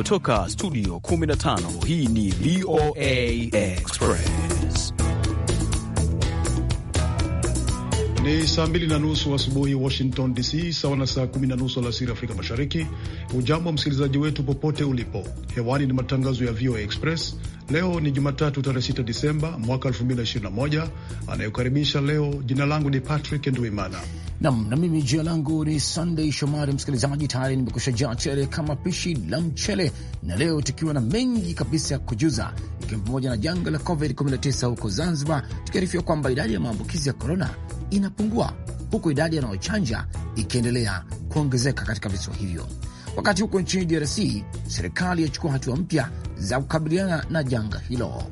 Kutoka studio 15 hii ni VOA Express. Ni saa mbili na nusu asubuhi wa Washington DC, sawa na saa kumi na nusu alasiri Afrika Mashariki. Ujambo msikilizaji wetu popote ulipo, hewani ni matangazo ya VOA Express. Leo ni Jumatatu tarehe 6 Disemba mwaka 2021. Anayekaribisha leo, jina langu ni Patrick Nduimana nam na mimi jina langu ni Sunday Shomari. Msikilizaji, tayari nimekusha jaa chele kama pishi la mchele, na leo tukiwa na mengi kabisa ya kujuza, ikiwa pamoja na janga la COVID-19 huko Zanzibar, tukiarifiwa kwamba idadi ya maambukizi ya korona inapungua huku idadi yanayochanja ikiendelea kuongezeka katika visiwa hivyo wakati huko nchini DRC serikali yachukua hatua mpya za kukabiliana na janga hilo.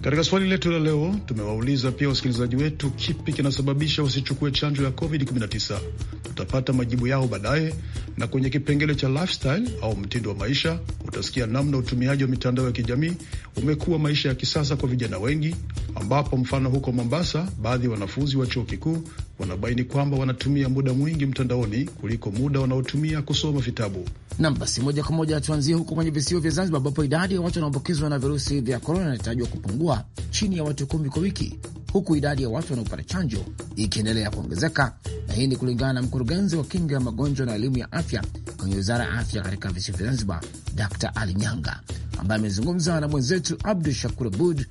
Katika swali letu la leo tumewauliza pia wasikilizaji wetu kipi kinasababisha wasichukue chanjo ya COVID-19. Tutapata majibu yao baadaye, na kwenye kipengele cha lifestyle au mtindo wa maisha utasikia namna utumiaji wa mitandao ya kijamii umekuwa maisha ya kisasa kwa vijana wengi, ambapo mfano huko Mombasa, baadhi ya wanafunzi wa chuo kikuu wanabaini kwamba wanatumia muda mwingi mtandaoni kuliko muda wanaotumia kusoma vitabu. Nam, basi moja kwa moja tuanzie huko kwenye visiwa vya Zanzibar, ambapo idadi ya watu wanaoambukizwa na virusi vya korona inatarajiwa kupungua chini ya watu kumi kwa wiki, huku idadi ya watu wanaopata chanjo ikiendelea kuongezeka, na hii ni kulingana na mkurugenzi wa kinga ya magonjwa na elimu ya afya kwenye wizara ya afya katika visiwa vya Zanzibar, Dr Ali Nyanga, ambaye amezungumza na mwenzetu Abdu Shakur Abud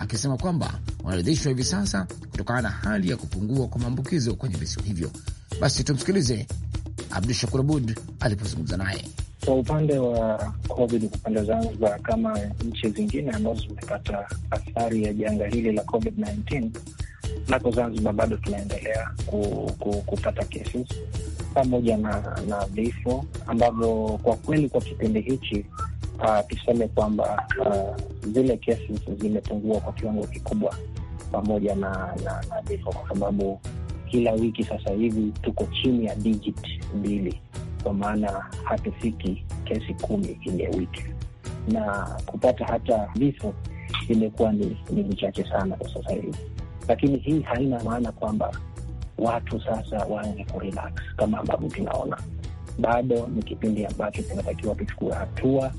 akisema kwamba wanaridhishwa hivi sasa kutokana na hali ya kupungua kwa maambukizo kwenye visiwa hivyo. Basi tumsikilize Abdu Shakur Abud alipozungumza naye. Kwa upande wa COVID kwa upande wa Zanzibar, kama nchi zingine ambazo zimepata athari ya janga hili la COVID-19, nako Zanzibar bado tunaendelea ku, ku, kupata kesi pamoja na, na vifo ambavyo kwa kweli kwa kipindi hichi uh, tuseme kwamba uh, zile kesi zimepungua kwa kiwango kikubwa, pamoja na na vifo, kwa sababu kila wiki sasa hivi tuko chini ya digit mbili, kwa maana hatufiki kesi kumi ile wiki, na kupata hata vifo imekuwa ni vichache sana kwa sasa hivi, lakini hii haina maana kwamba watu sasa waanze kurelax kama ambavyo tunaona. Bado ni kipindi ambacho tunatakiwa tuchukue hatua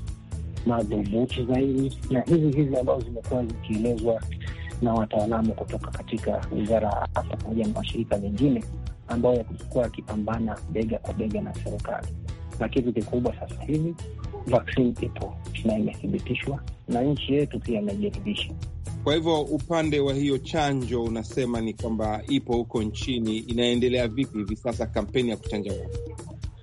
madhubuti zaidi, na hizi hizi ambazo zimekuwa zikielezwa na wataalamu kutoka katika wizara ya afya pamoja na mashirika mengine ambayo yalikuwa yakipambana bega kwa bega na serikali. Na kitu kikubwa sasa hivi vaksini ipo na imethibitishwa na nchi yetu pia imejaribisha. Kwa hivyo upande wa hiyo chanjo unasema ni kwamba ipo huko nchini, inaendelea vipi hivi sasa kampeni ya kuchanja watu?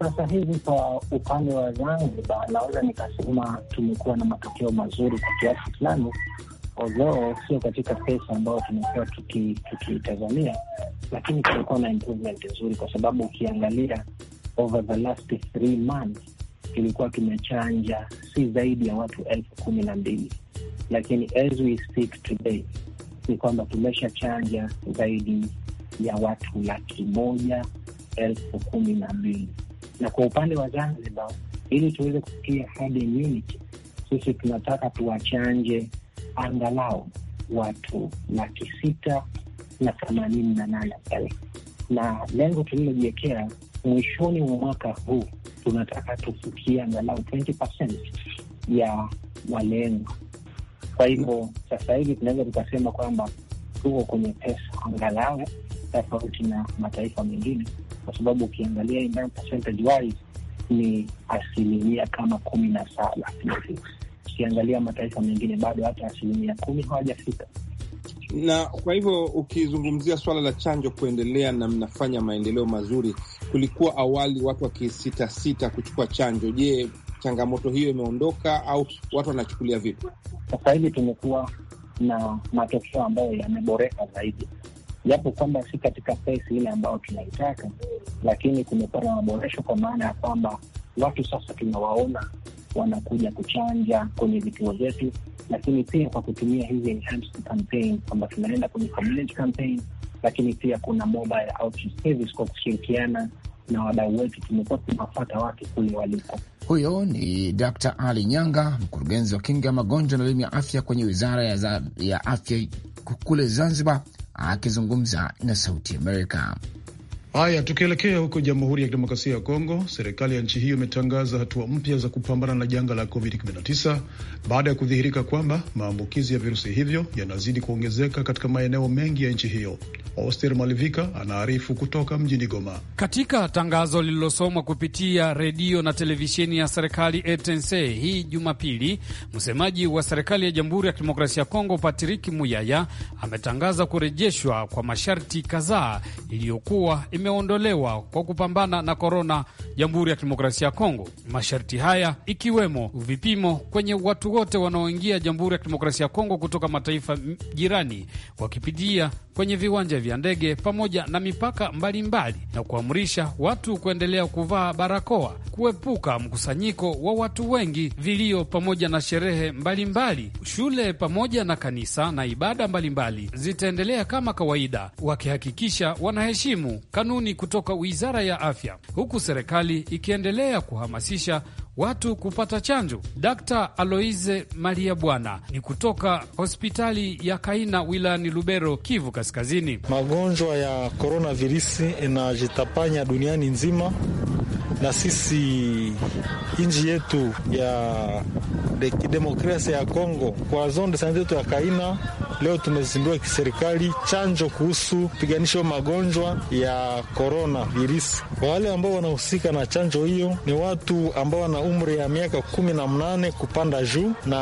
Sasa hivi kwa upande wa Zanzibar naweza nikasema tumekuwa na matokeo mazuri kwa kiasi fulani, although sio katika pesa ambayo tumekuwa tukiitazamia tuki, lakini tumekuwa na improvement nzuri, kwa sababu ukiangalia over the last three months tulikuwa tumechanja si zaidi ya watu elfu kumi na mbili, lakini as we speak today ni kwamba tumesha chanja zaidi ya watu laki moja elfu kumi na mbili na kwa upande wa Zanzibar, ili tuweze kufikia herd immunity, sisi tunataka tuwachanje angalau watu laki sita na themanini na nane elfu na lengo tulilojiwekea mwishoni mwa mwaka huu tunataka tufikie angalau 20% ya walengwa. Kwa hivyo sasa hivi tunaweza tukasema kwamba tuko kwenye pesa angalau, tofauti na mataifa mengine kwa sababu ukiangalia in percentage wise ni asilimia kama kumi na saba Ukiangalia mataifa mengine bado hata asilimia kumi hawajafika na kwa hivyo ukizungumzia swala la chanjo kuendelea na mnafanya maendeleo mazuri, kulikuwa awali watu wakisitasita kuchukua chanjo. Je, changamoto hiyo imeondoka au watu wanachukulia vipi? Sasa hivi tumekuwa na matokeo ambayo yameboreka zaidi, japo kwamba si katika pesi ile ambayo tunaitaka, lakini kumekuwa na maboresho kwa maana ya kwamba watu sasa tunawaona wanakuja kuchanja kwenye vituo vyetu, lakini pia kwa kutumia hizi enhanced campaign kwamba tunaenda kwenye community campaign, lakini pia kuna mobile outreach service kwa kushirikiana na wadau wetu, tumekuwa tunawafata watu kule waliko. Huyo ni Dr. Ali Nyanga, mkurugenzi wa kinga ya magonjwa na elimu ya afya kwenye wizara ya, ya afya kule Zanzibar akizungumza na Sauti Amerika. Haya, tukielekea huko Jamhuri ya Kidemokrasia ya Kongo, serikali ya nchi hiyo imetangaza hatua mpya za kupambana na janga la COVID-19 baada ya kudhihirika kwamba maambukizi ya virusi hivyo yanazidi kuongezeka katika maeneo mengi ya nchi hiyo. Oster Malivika anaarifu kutoka mjini Goma. Katika tangazo lililosomwa kupitia redio na televisheni ya serikali RTNC hii Jumapili, msemaji wa serikali ya Jamhuri ya Kidemokrasia ya Kongo Patrick Muyaya ametangaza kurejeshwa kwa masharti kadhaa iliyokuwa limeondolewa kwa kupambana na korona Jamhuri ya Kidemokrasia ya Kongo. Masharti haya ikiwemo vipimo kwenye watu wote wanaoingia Jamhuri ya Kidemokrasia ya Kongo kutoka mataifa jirani wakipitia kwenye viwanja vya ndege pamoja na mipaka mbalimbali mbali, na kuamrisha watu kuendelea kuvaa barakoa kuepuka mkusanyiko wa watu wengi, vilio pamoja na sherehe mbalimbali mbali. Shule pamoja na kanisa na ibada mbalimbali mbali zitaendelea kama kawaida, wakihakikisha wanaheshimu kanuni kutoka Wizara ya Afya, huku serikali ikiendelea kuhamasisha watu kupata chanjo. d Aloise Maria Bwana ni kutoka hospitali ya Kaina wilayani Lubero, Kivu Kaskazini. Magonjwa ya koronavirusi inajitapanya duniani nzima na sisi nchi yetu ya demokrasia ya Kongo kwa zone sante yetu ya Kaina, leo tumezindua kiserikali chanjo kuhusu piganisho magonjwa ya korona virusi. Wale ambao wanahusika na chanjo hiyo ni watu ambao wana umri ya miaka kumi na mnane kupanda juu, na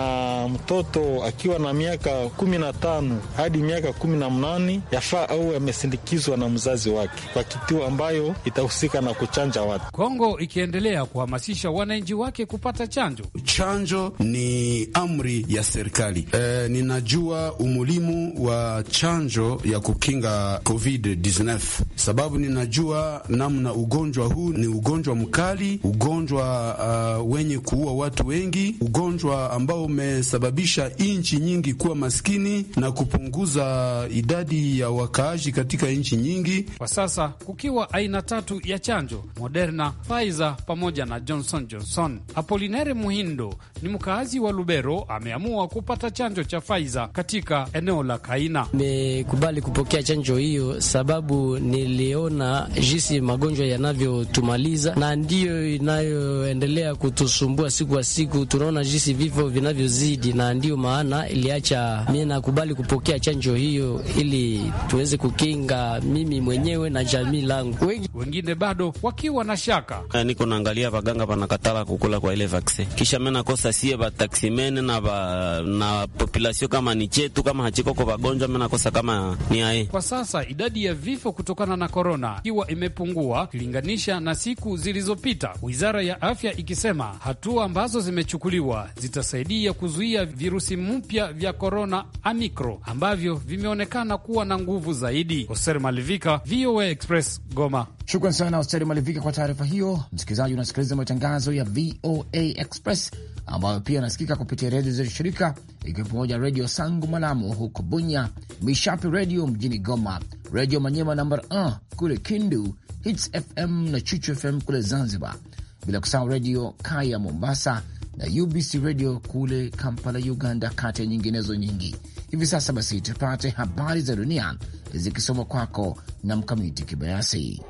mtoto akiwa na miaka kumi na tano hadi miaka kumi na mnane yafaa au yamesindikizwa na mzazi wake kwa kituo ambayo itahusika na kuchanja watu Kongo ikiendelea kuhamasisha wananchi wake kupata chanjo. Chanjo ni amri ya serikali. E, ninajua umulimu wa chanjo ya kukinga COVID-19 sababu ninajua namna ugonjwa huu ni ugonjwa mkali, ugonjwa uh, wenye kuua watu wengi, ugonjwa ambao umesababisha nchi nyingi kuwa maskini na kupunguza idadi ya wakaaji katika nchi nyingi. Kwa sasa kukiwa aina tatu ya chanjo Moderna, Pfizer pamoja na Johnson Johnson. Apolinere Muhindo ni mkaazi wa Lubero, ameamua kupata chanjo cha Pfizer katika eneo la Kaina. Nimekubali kupokea chanjo hiyo sababu niliona jinsi magonjwa yanavyotumaliza na ndiyo inayoendelea kutusumbua siku kwa siku, tunaona jinsi vifo vinavyozidi, na ndiyo maana iliacha mi nakubali kupokea chanjo hiyo ili tuweze kukinga mimi mwenyewe na jamii langu. Wengine bado wakiwa na shaka na eh, niko naangalia vaganga vanakatala kukula kwa ile vaksin, kisha mimi nakosa sie bataksimene na ba, na population kama ni chetu kama hachiko kwa vagonjwa, mimi nakosa kama ni ae. Kwa sasa idadi ya vifo kutokana na korona ikiwa imepungua kilinganisha na siku zilizopita, wizara ya afya ikisema hatua ambazo zimechukuliwa zitasaidia kuzuia virusi mpya vya korona amikro ambavyo vimeonekana kuwa na nguvu zaidi. Hoser Malivika, VOA Express, Goma. Shukran sana Hoser Malivika kwa taarifa hiyo hiyo, msikilizaji, unasikiliza matangazo ya VOA Express ambayo pia anasikika kupitia redio za shirika ikiwa pamoja redio Sangu Malamu huko Bunya, Mishapi redio mjini Goma, redio Manyema namba 1 kule Kindu, Hits FM na Chuchu FM kule Zanzibar, bila kusahau redio Kaya Mombasa na UBC redio kule Kampala, Uganda, kati ya nyinginezo nyingi. Hivi sasa basi tupate habari za dunia zikisoma kwako na Mkamiti Kibayasi.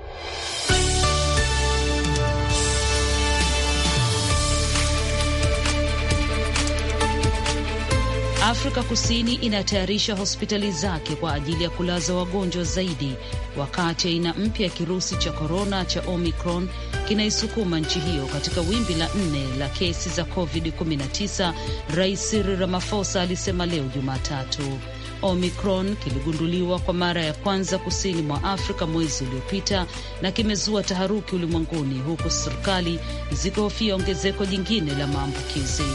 Afrika Kusini inatayarisha hospitali zake kwa ajili ya kulaza wagonjwa zaidi, wakati aina mpya ya kirusi cha korona cha Omicron kinaisukuma nchi hiyo katika wimbi la nne la kesi za COVID-19. Rais Cyril Ramaphosa alisema leo Jumatatu. Omicron kiligunduliwa kwa mara ya kwanza kusini mwa Afrika mwezi uliopita na kimezua taharuki ulimwenguni, huku serikali zikihofia ongezeko jingine la maambukizi.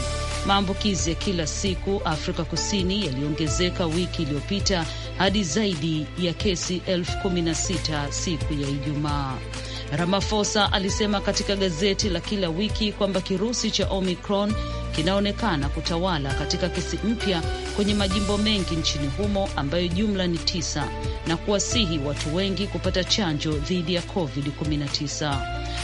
Maambukizi ya kila siku Afrika Kusini yaliongezeka wiki iliyopita hadi zaidi ya kesi elfu kumi na sita siku ya Ijumaa. ramafosa alisema katika gazeti la kila wiki kwamba kirusi cha Omicron kinaonekana kutawala katika kesi mpya kwenye majimbo mengi nchini humo ambayo jumla ni tisa, na kuwasihi watu wengi kupata chanjo dhidi ya COVID-19.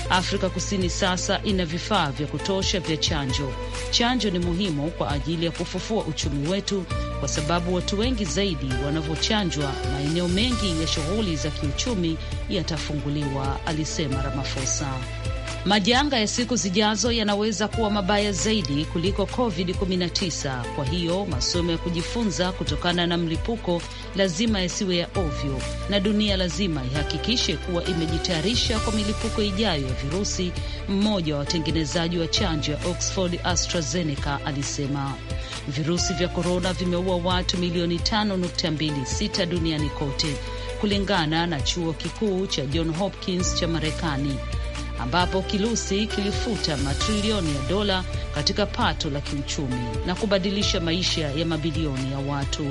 Afrika Kusini sasa ina vifaa vya kutosha vya chanjo. Chanjo ni muhimu kwa ajili ya kufufua uchumi wetu, kwa sababu watu wengi zaidi wanavyochanjwa, maeneo mengi ya shughuli za kiuchumi yatafunguliwa, alisema Ramaphosa. Majanga ya siku zijazo yanaweza kuwa mabaya zaidi kuliko COVID-19. Kwa hiyo masomo ya kujifunza kutokana na mlipuko lazima yasiwe ya ovyo, na dunia lazima ihakikishe kuwa imejitayarisha kwa milipuko ijayo ya virusi, mmoja wa watengenezaji wa chanjo ya Oxford AstraZeneca alisema. Virusi vya korona vimeua watu milioni 5.26 duniani kote kulingana na chuo kikuu cha John Hopkins cha Marekani ambapo kirusi kilifuta matrilioni ya dola katika pato la kiuchumi na kubadilisha maisha ya mabilioni ya watu.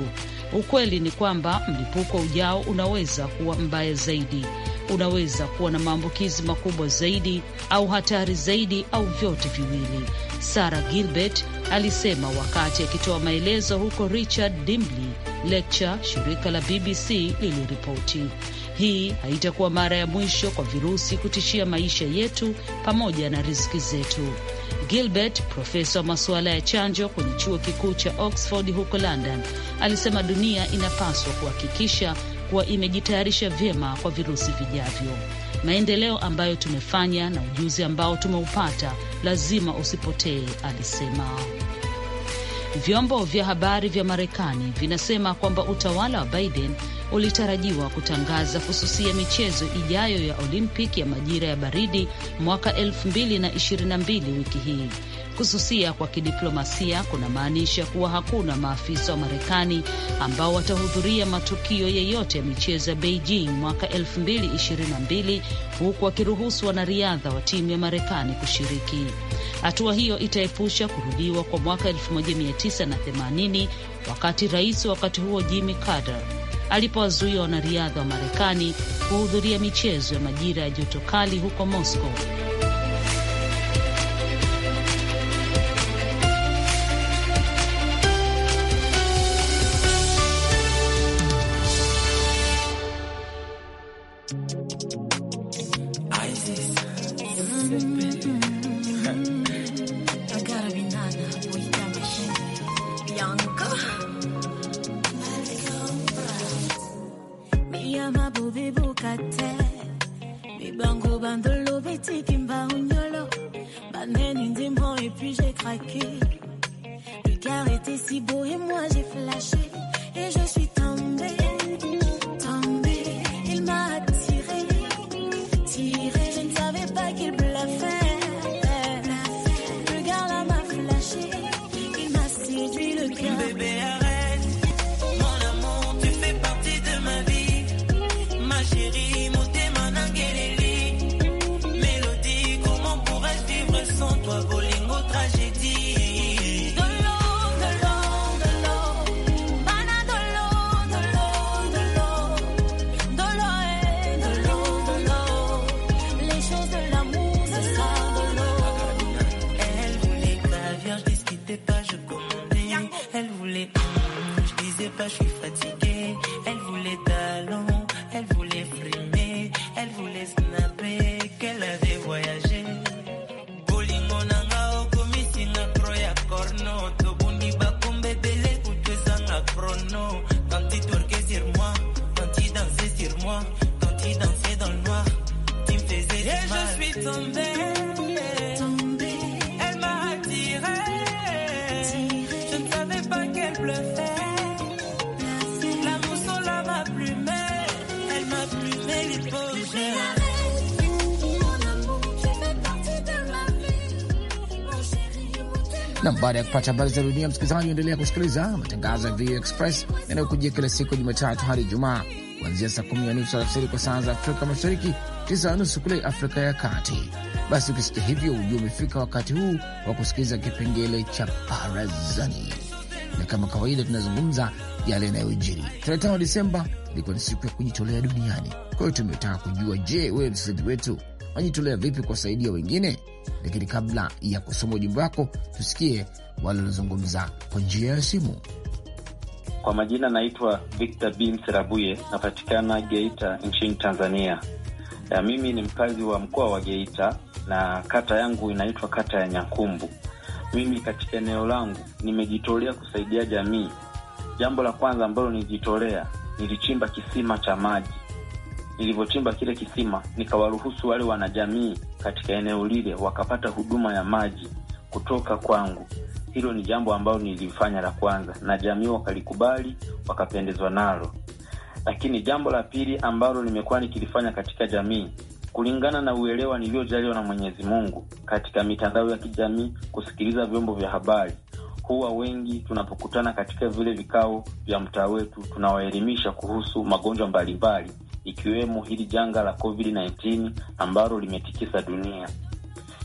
Ukweli ni kwamba mlipuko ujao unaweza kuwa mbaya zaidi, unaweza kuwa na maambukizi makubwa zaidi au hatari zaidi au vyote viwili, Sarah Gilbert alisema wakati akitoa maelezo huko Richard Dimbly Lecture, shirika la BBC liliripoti. Hii haitakuwa mara ya mwisho kwa virusi kutishia maisha yetu pamoja na riziki zetu. Gilbert, profesa wa masuala ya chanjo kwenye chuo kikuu cha Oxford huko London, alisema dunia inapaswa kuhakikisha kuwa imejitayarisha vyema kwa virusi vijavyo. Maendeleo ambayo tumefanya na ujuzi ambao tumeupata lazima usipotee, alisema. Vyombo vya habari vya Marekani vinasema kwamba utawala wa Biden ulitarajiwa kutangaza kususia michezo ijayo ya Olimpiki ya majira ya baridi mwaka 2022 wiki hii Kususia kwa kidiplomasia kunamaanisha kuwa hakuna maafisa wa Marekani ambao watahudhuria matukio yeyote ya michezo ya Beijing mwaka 2022 huku wakiruhusu wanariadha wa timu ya Marekani kushiriki. Hatua hiyo itaepusha kurudiwa kwa mwaka 1980 wakati rais wakati huo Jimmy Carter alipowazuia wanariadha wa Marekani kuhudhuria michezo ya majira ya joto kali huko Moscow Bianca na baada ya kupata habari za dunia, msikilizaji, endelea kusikiliza matangazo ya VOA Express yanayokujia kila siku ya Jumatatu hadi Ijumaa kuanzia saa kumi na nusu alasiri kwa saa za Afrika Mashariki, tisa na nusu kule Afrika ya Kati. Basi ukisikia hivyo, ujua umefika wakati huu wa kusikiliza kipengele cha barazani, na kama kawaida tunazungumza yale yanayojiri. Tarehe tano Disemba ilikuwa ni siku ya kujitolea duniani. Kwa hiyo tumetaka kujua, je, wewe msikilizaji wetu unajitolea vipi kuwasaidia wengine? Lakini kabla ya kusoma ujumbe wako, tusikie walilozungumza kwa njia ya simu. Kwa majina naitwa Victor Bin Serabuye, napatikana Geita nchini Tanzania. Ya, mimi ni mkazi wa mkoa wa Geita na kata yangu inaitwa kata ya Nyakumbu. Mimi katika eneo langu nimejitolea kusaidia jamii. Jambo la kwanza ambalo nilijitolea, nilichimba kisima cha maji. Nilivyochimba kile kisima, nikawaruhusu wale wanajamii katika eneo lile wakapata huduma ya maji kutoka kwangu. Hilo ni jambo ambalo nilifanya la kwanza, na jamii wakalikubali, wakapendezwa nalo. Lakini jambo la pili ambalo nimekuwa nikilifanya katika jamii kulingana na uelewa niliojaliwa na Mwenyezi Mungu katika mitandao ya kijamii, kusikiliza vyombo vya habari. Huwa wengi tunapokutana katika vile vikao vya mtaa wetu, tunawaelimisha kuhusu magonjwa mbalimbali ikiwemo hili janga la COVID-19 ambalo limetikisa dunia.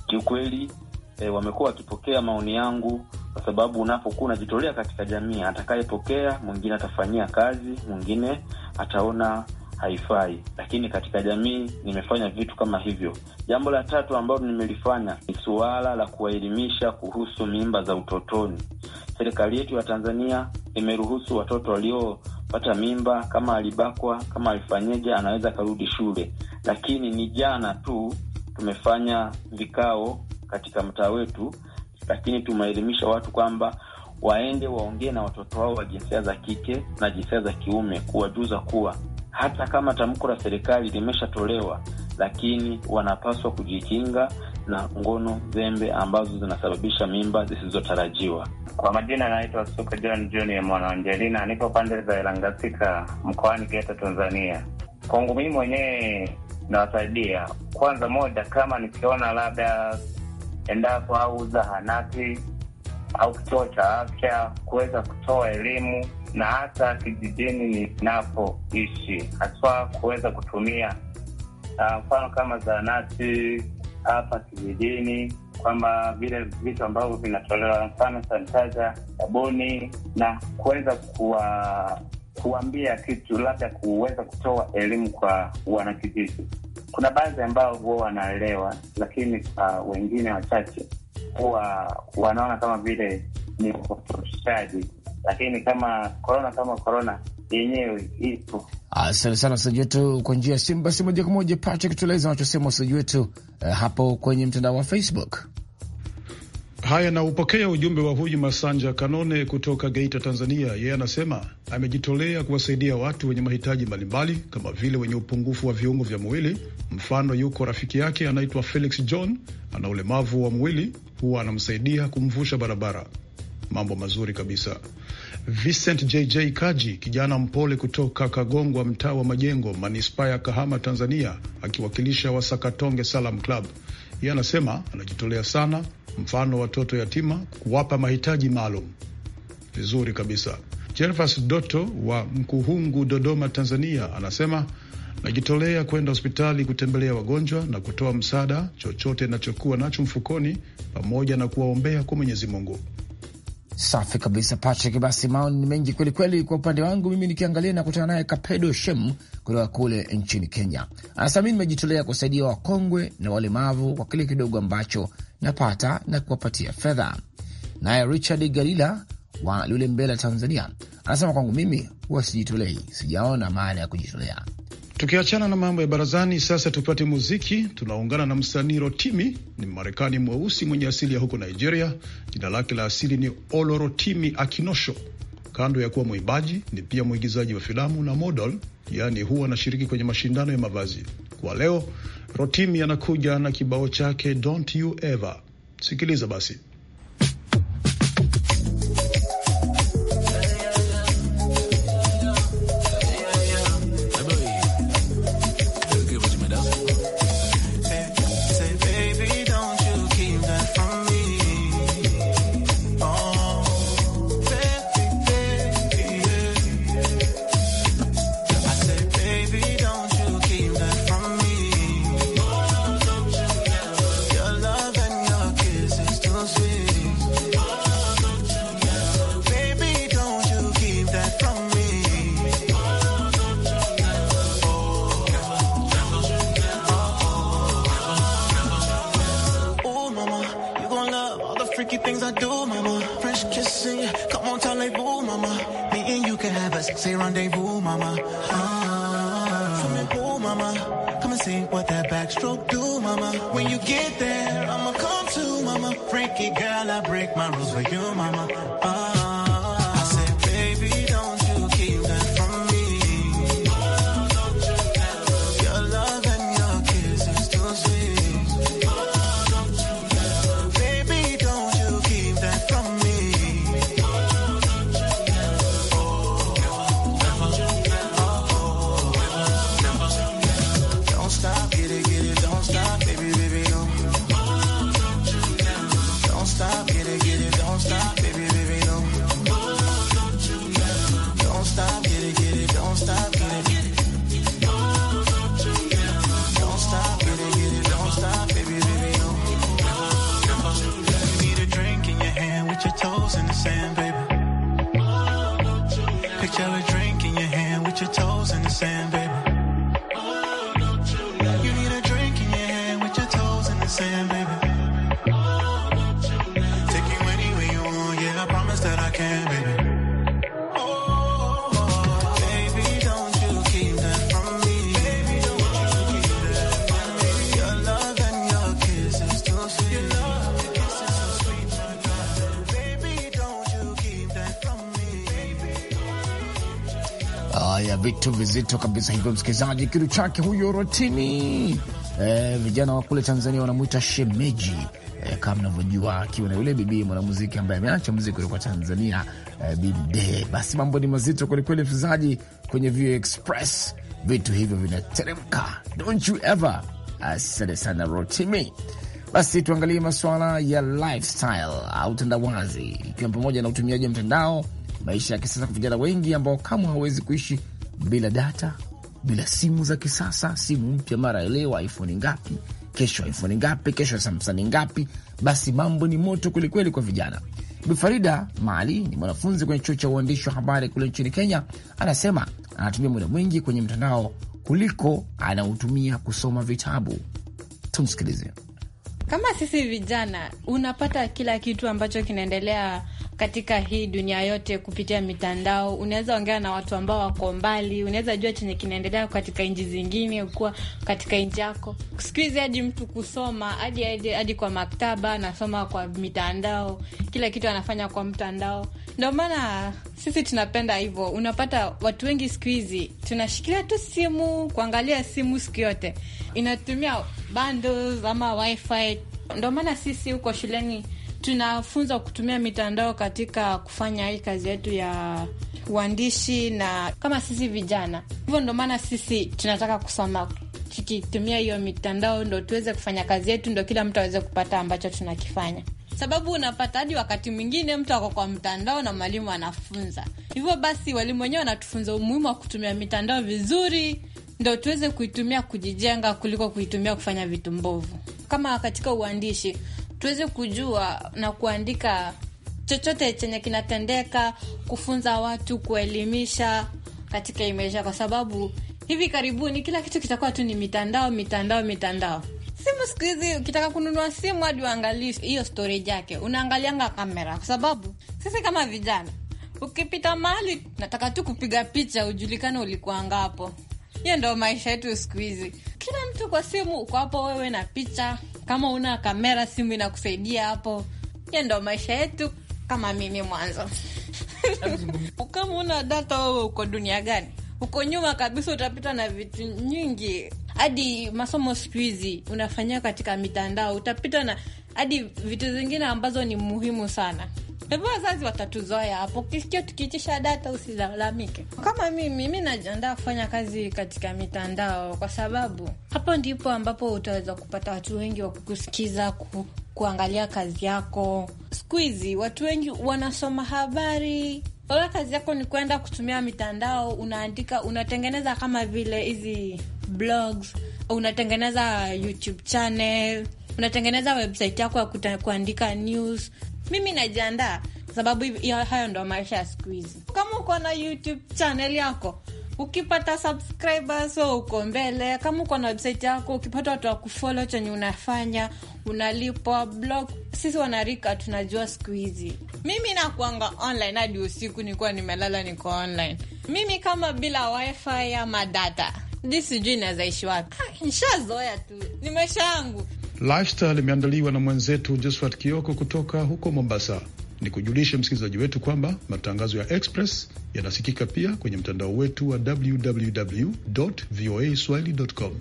Kiukweli e, wamekuwa wakipokea maoni yangu kwa sababu unapokuwa unajitolea katika jamii, atakayepokea mwingine atafanyia kazi, mwingine ataona haifai, lakini katika jamii nimefanya vitu kama hivyo. Jambo la tatu ambalo nimelifanya ni suala la kuwaelimisha kuhusu mimba za utotoni. Serikali yetu ya Tanzania imeruhusu watoto walio pata mimba, kama alibakwa, kama alifanyeje, anaweza akarudi shule. Lakini ni jana tu tumefanya vikao katika mtaa wetu, lakini tumeelimisha watu kwamba waende waongee na watoto wao wa jinsia za kike na jinsia za kiume, kuwajuza kuwa hata kama tamko la serikali limeshatolewa, lakini wanapaswa kujikinga na ngono zembe ambazo zinasababisha mimba zisizotarajiwa. Kwa majina anaitwa Suka John Junior Mwananjelina, niko pande za elangasika mkoani Geta, Tanzania. Kwangu mimi mwenyewe nawasaidia kwanza, moja kama nikiona labda endapo au zahanati au kituo cha afya kuweza kutoa elimu na hata kijijini ninapoishi, haswa kuweza kutumia ah, mfano uh, kama zahanati hapa kijijini kwamba vile vitu ambavyo vinatolewa, mfano sanitizer, sabuni na kuweza kuwa kuambia kitu labda kuweza kutoa elimu kwa wanakijiji. Kuna baadhi ambao huwa wanaelewa, lakini kwa uh, wengine wachache huwa wanaona kama vile ni upotoshaji. Lakini kama korona kama korona yenyewe ipo Asante ah, sana wasikilizaji wetu kwa njia ya simu. Basi moja kwa moja, Patrick, tueleza wanachosema wasikilizaji wetu eh, hapo kwenye mtandao wa Facebook. Haya, naupokea ujumbe wa huyu Masanja Kanone kutoka Geita, Tanzania. Yeye anasema amejitolea kuwasaidia watu wenye mahitaji mbalimbali kama vile wenye upungufu wa viungo vya mwili. Mfano, yuko rafiki yake anaitwa Felix John, ana ulemavu wa mwili, huwa anamsaidia kumvusha barabara. Mambo mazuri kabisa. Vincent JJ Kaji, kijana mpole kutoka Kagongwa, mtaa wa Majengo, manispaa ya Kahama, Tanzania, akiwakilisha Wasakatonge Salam Club. Yeye anasema anajitolea sana, mfano watoto yatima, kuwapa mahitaji maalum. Vizuri kabisa. Gervas Doto wa Mkuhungu, Dodoma, Tanzania, anasema najitolea kwenda hospitali kutembelea wagonjwa na kutoa msaada chochote nachokuwa nacho mfukoni, pamoja na kuwaombea kwa Mwenyezi Mungu. Safi kabisa Patrick, basi maoni ni mengi kwelikweli. Kwa upande wangu mimi nikiangalia na kutana naye Kapedo Shem kutoka kule nchini Kenya, anasema mi nimejitolea kusaidia wakongwe na walemavu kwa kile kidogo ambacho napata na kuwapatia fedha. Naye Richard Galila wa Lulembela, Tanzania, anasema kwangu mimi huwa sijitolei, sijaona maana ya kujitolea Tukiachana na mambo ya barazani, sasa tupate muziki. Tunaungana na msanii Rotimi, ni Marekani mweusi mwenye asili ya huko Nigeria. Jina lake la asili ni Olorotimi Akinosho. Kando ya kuwa mwimbaji, ni pia mwigizaji wa filamu na model, yaani huwa anashiriki kwenye mashindano ya mavazi. Kwa leo, Rotimi anakuja na kibao chake Don't You Ever. Sikiliza basi. say rendezvous, mama. Ah, swimming pool, mama. Come and see what that backstroke do, mama. When you get there, I'ma come to, mama. Freaky girl, I break my rules for you, mama. Ah. pick out a drink vitu vizito kabisa hivyo, msikilizaji. Kitu chake huyo rotini. e, vijana wa kule Tanzania wanamwita shemeji e, kama mnavyojua, akiwa na yule bibi mwanamuziki ambaye ameacha muziki ulikuwa Tanzania e, eh, Bibide. Basi mambo ni mazito kwelikweli, msikilizaji, kwenye Vio Express vitu hivyo vinateremka, don't you ever. Asante sana Rotimi. Basi tuangalie masuala ya lifestyle au tandawazi, ikiwa pamoja na utumiaji wa mtandao, maisha ya kisasa kwa vijana wengi ambao kamwe hawawezi kuishi bila data, bila simu za kisasa, simu mpya mara ya leo iPhone ngapi, kesho iPhone ngapi, kesho Samsung ngapi? Basi mambo ni moto kwelikweli kwa vijana. Bifarida Mali ni mwanafunzi kwenye chuo cha uandishi wa habari kule nchini Kenya. Anasema anatumia muda mwingi kwenye mtandao kuliko anautumia kusoma vitabu. Tumsikilize kama sisi vijana, unapata kila kitu ambacho kinaendelea katika hii dunia yote kupitia mitandao. Unaweza ongea na watu ambao wako mbali, unaweza jua chenye kinaendelea katika nchi zingine, ukuwa katika nchi yako. Siku hizi hadi mtu kusoma hadi hadi kwa maktaba, anasoma kwa mitandao, kila kitu anafanya kwa mtandao ndo maana sisi tunapenda hivyo. Unapata watu wengi siku hizi tunashikilia tu simu, kuangalia simu siku yote, inatumia bundles ama wifi. Ndo maana sisi huko shuleni tunafunza kutumia mitandao katika kufanya hii kazi yetu ya uandishi, na kama sisi vijana hivyo, ndo maana sisi tunataka kusoma tukitumia hiyo mitandao, ndo tuweze kufanya kazi yetu, ndo kila mtu aweze kupata ambacho tunakifanya sababu unapata hadi wakati mwingine mtu ako kwa mtandao na mwalimu anafunza. Hivyo basi, walimu wenyewe wanatufunza umuhimu wa kutumia mitandao vizuri, ndo tuweze kuitumia kujijenga kuliko kuitumia kufanya vitu mbovu. Kama katika uandishi, tuweze kujua na kuandika chochote chenye kinatendeka, kufunza watu, kuelimisha katika hii kwa sababu hivi karibuni kila kitu kitakuwa tu ni mitandao, mitandao, mitandao simu siku hizi ukitaka kununua simu hadi uangalie hiyo storage yake, unaangalianga kamera, kwa sababu sisi kama vijana ukipita mahali nataka tu kupiga picha ujulikane ulikuwa ngapo. Hiyo ndo maisha yetu siku hizi, kila mtu kwa simu. Uko hapo wewe na picha, kama una kamera simu inakusaidia hapo. Hiyo ndo maisha yetu. Kama mimi mwanzo kama una data wewe uko dunia gani? Uko nyuma kabisa, utapita na vitu nyingi hadi masomo siku hizi unafanyiwa katika mitandao, utapita na hadi vitu zingine ambazo ni muhimu sana. Hivyo wazazi watatuzoea hapo. kisikia tukiitisha data, usilalamike. Kama mimi, mi najiandaa kufanya kazi katika mitandao, kwa sababu hapo ndipo ambapo utaweza kupata watu wengi wa kukusikiza, ku, kuangalia kazi yako. Siku hizi watu wengi wanasoma habari bora. Kazi yako ni kwenda kutumia mitandao, unaandika, unatengeneza kama vile hizi blogs, unatengeneza YouTube channel, unatengeneza website yako ya kuandika news. Mimi najiandaa sababu hayo ndo maisha ya siku hizi. Kama uko na YouTube channel yako ukipata subscribers wa uko mbele. Kama uko na website yako ukipata watu wa kufollow chenye unafanya unalipwa blog. Sisi wanarika tunajua siku hizi, mimi nakuanga online hadi usiku, nikuwa nimelala niko online. Mimi kama bila wifi ama data Di sijui inazaishi wapi, ah, tu, ni maisha yangu. limeandaliwa na mwenzetu Josephat Kioko kutoka huko Mombasa. Ni kujulishe msikilizaji wetu kwamba matangazo ya Express yanasikika pia kwenye mtandao wetu wa www voa swahili com.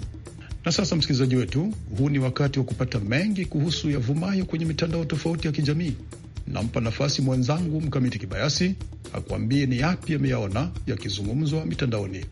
Na sasa, msikilizaji wetu, huu ni wakati wa kupata mengi kuhusu yavumayo kwenye mitandao tofauti ya kijamii. Nampa nafasi mwenzangu Mkamiti Kibayasi akuambie ni yapi ameyaona yakizungumzwa mitandaoni.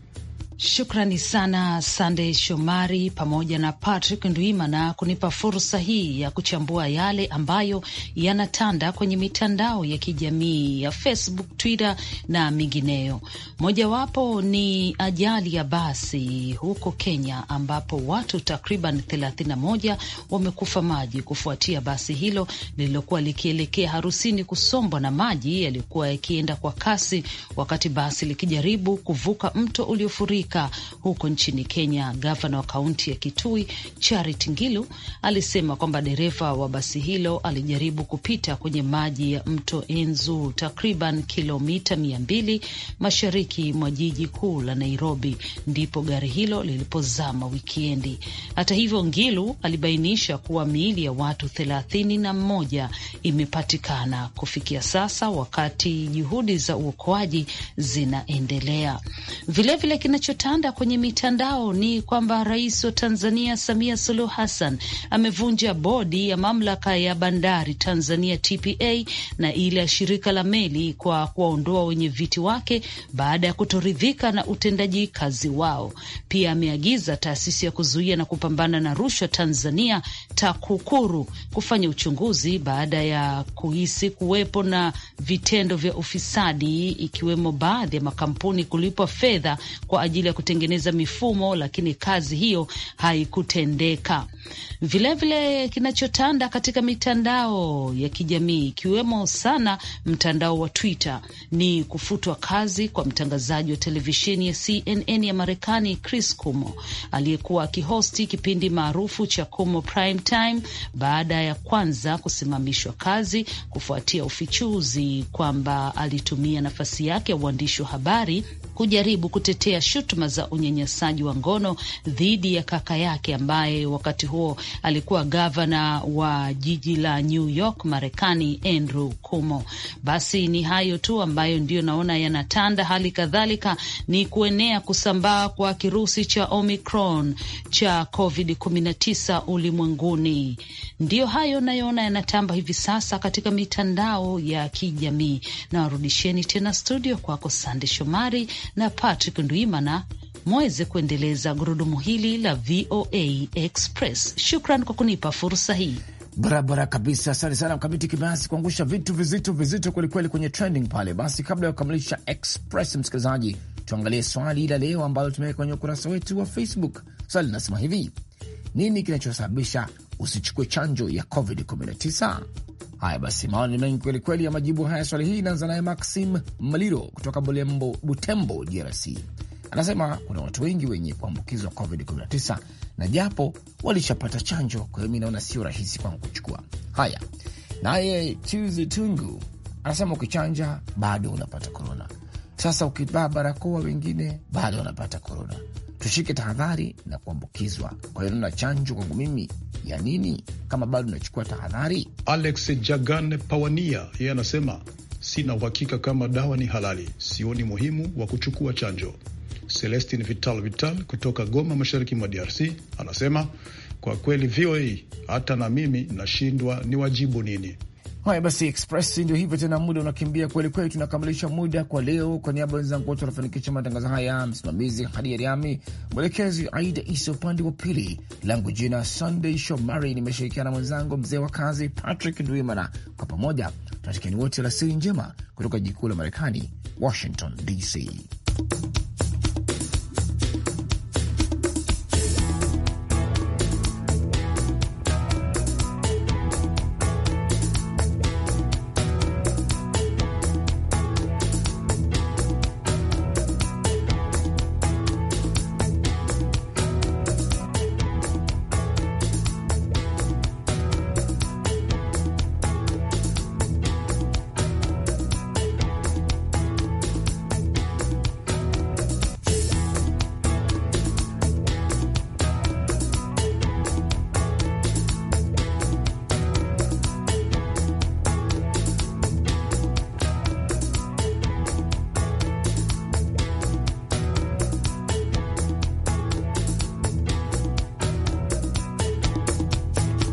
Shukrani sana sandey Shomari pamoja na Patrick Ndwimana kunipa fursa hii ya kuchambua yale ambayo yanatanda kwenye mitandao ya kijamii ya Facebook, Twitter na mingineyo. Mojawapo ni ajali ya basi huko Kenya, ambapo watu takriban 31 wamekufa maji kufuatia basi hilo lililokuwa likielekea harusini kusombwa na maji yaliyokuwa yakienda kwa kasi, wakati basi likijaribu kuvuka mto uliofurika Afrika huko nchini Kenya. Gavana wa kaunti ya Kitui Charity Ngilu alisema kwamba dereva wa basi hilo alijaribu kupita kwenye maji ya mto Enzu takriban kilomita mia mbili mashariki mwa jiji kuu la Nairobi, ndipo gari hilo lilipozama wikendi. Hata hivyo, Ngilu alibainisha kuwa miili ya watu thelathini na mmoja imepatikana kufikia sasa, wakati juhudi za uokoaji zinaendelea vilevile. Kinacho kinachotanda kwenye mitandao ni kwamba rais wa Tanzania Samia Suluhu Hassan amevunja bodi ya mamlaka ya bandari Tanzania TPA na ile ya shirika la meli kwa kuwaondoa wenye viti wake baada ya kutoridhika na utendaji kazi wao. Pia ameagiza taasisi ya kuzuia na kupambana na rushwa Tanzania TAKUKURU kufanya uchunguzi baada ya kuhisi kuwepo na vitendo vya ufisadi, ikiwemo baadhi ya makampuni kulipwa fedha kwa ajili ajili ya kutengeneza mifumo, lakini kazi hiyo haikutendeka. Vilevile, kinachotanda katika mitandao ya kijamii ikiwemo sana mtandao wa Twitter ni kufutwa kazi kwa mtangazaji wa televisheni ya CNN ya Marekani Chris Cuomo aliyekuwa akihosti kipindi maarufu cha Cuomo Prime Time baada ya kwanza kusimamishwa kazi kufuatia ufichuzi kwamba alitumia nafasi yake ya uandishi wa habari kujaribu kutetea shutu shutuma za unyanyasaji wa ngono dhidi ya kaka yake ambaye wakati huo alikuwa gavana wa jiji la New York Marekani, Andrew Cuomo. Basi ni hayo tu ambayo ndiyo naona yanatanda. Hali kadhalika ni kuenea kusambaa kwa kirusi cha Omicron cha COVID 19 ulimwenguni. Ndiyo hayo nayoona yanatamba hivi sasa katika mitandao ya kijamii. Nawarudisheni tena studio kwako Sande Shomari na Patrick nduimana mweze kuendeleza gurudumu hili la VOA Express. Shukran kwa kunipa fursa hii. Barabara kabisa, asante sana Mkamiti Kibayasi kuangusha vitu vizito vizito kwelikweli kwenye trending pale. Basi kabla ya kukamilisha Express, msikilizaji, tuangalie swali la leo ambalo tumeweka kwenye ukurasa wetu wa Facebook. Swali linasema hivi: nini kinachosababisha usichukue chanjo ya COVID-19? Haya basi, maoni mengi kwelikweli ya majibu haya. Swali hii inaanza naye Maxim Maliro kutoka Bulembo, Butembo, DRC. Anasema kuna watu wengi wenye kuambukizwa COVID-19 na japo walishapata chanjo, kwa hiyo mi naona sio rahisi kwangu kuchukua haya. Naye Tuzi Tungu anasema ukichanja bado unapata korona. Sasa ukivaa barakoa, wengine bado wanapata korona. Tushike tahadhari na kuambukizwa. Kwa hiyo naona chanjo kwangu mimi ya nini kama bado unachukua tahadhari. Alex Jagan Pawania yeye anasema sina uhakika kama dawa ni halali, sioni muhimu wa kuchukua chanjo Celestin Vital Vital kutoka Goma, mashariki mwa DRC, anasema kwa kweli VOA, hata na mimi nashindwa ni wajibu nini. Haya basi, Express ndio hivyo tena, muda unakimbia kweli kweli. Tunakamilisha muda kwa leo. Kwa niaba wenzangu wote wanafanikisha matangazo haya, msimamizi Hadi yariami mwelekezi Aida Isa, upande wa pili langu jina Sunday Shomari, nimeshirikiana mwenzangu mzee wa kazi Patrick Ndwimana. Kwa pamoja tunatakieni wote alasiri njema kutoka jikuu la Marekani, Washington DC.